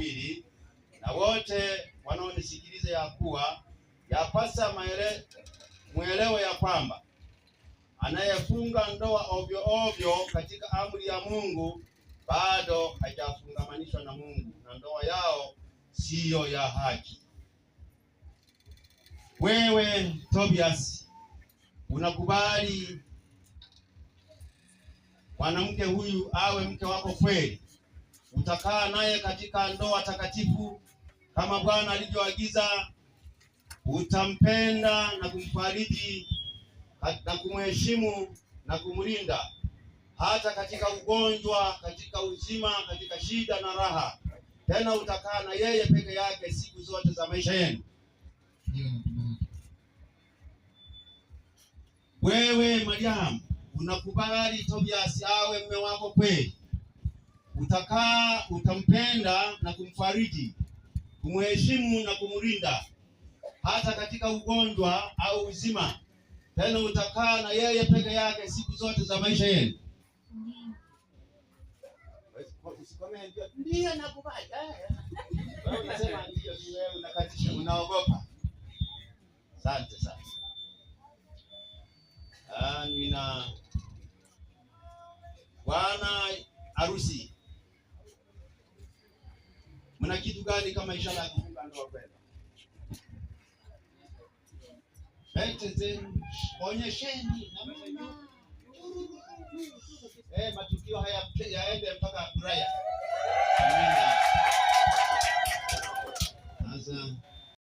mawili na wote wanaonisikiliza ya kuwa yapasa maele, mwelewe ya kwamba anayefunga ndoa ovyo ovyo katika amri ya Mungu bado hajafungamanishwa na Mungu na ndoa yao siyo ya haki. Wewe Tobias, unakubali mwanamke huyu awe mke wako kweli? utakaa naye katika ndoa takatifu kama Bwana alivyoagiza, utampenda na kumfariji na kumheshimu na kumlinda hata katika ugonjwa, katika uzima, katika shida na raha. Tena utakaa na yeye peke yake siku zote za maisha yenu. Wewe Mariamu, unakubali Tobias awe mume wako kweli? utakaa, utampenda na kumfariji, kumheshimu na kumrinda hata katika ugonjwa au uzima. Tena utakaa na yeye peke yake siku zote za maisha yenu. unaogopa. Asante sana. Ah, nina bwana harusi Mna kitu gani kama ishara ya kufunga ndoa kwenu? Pete zenu onyesheni na mimi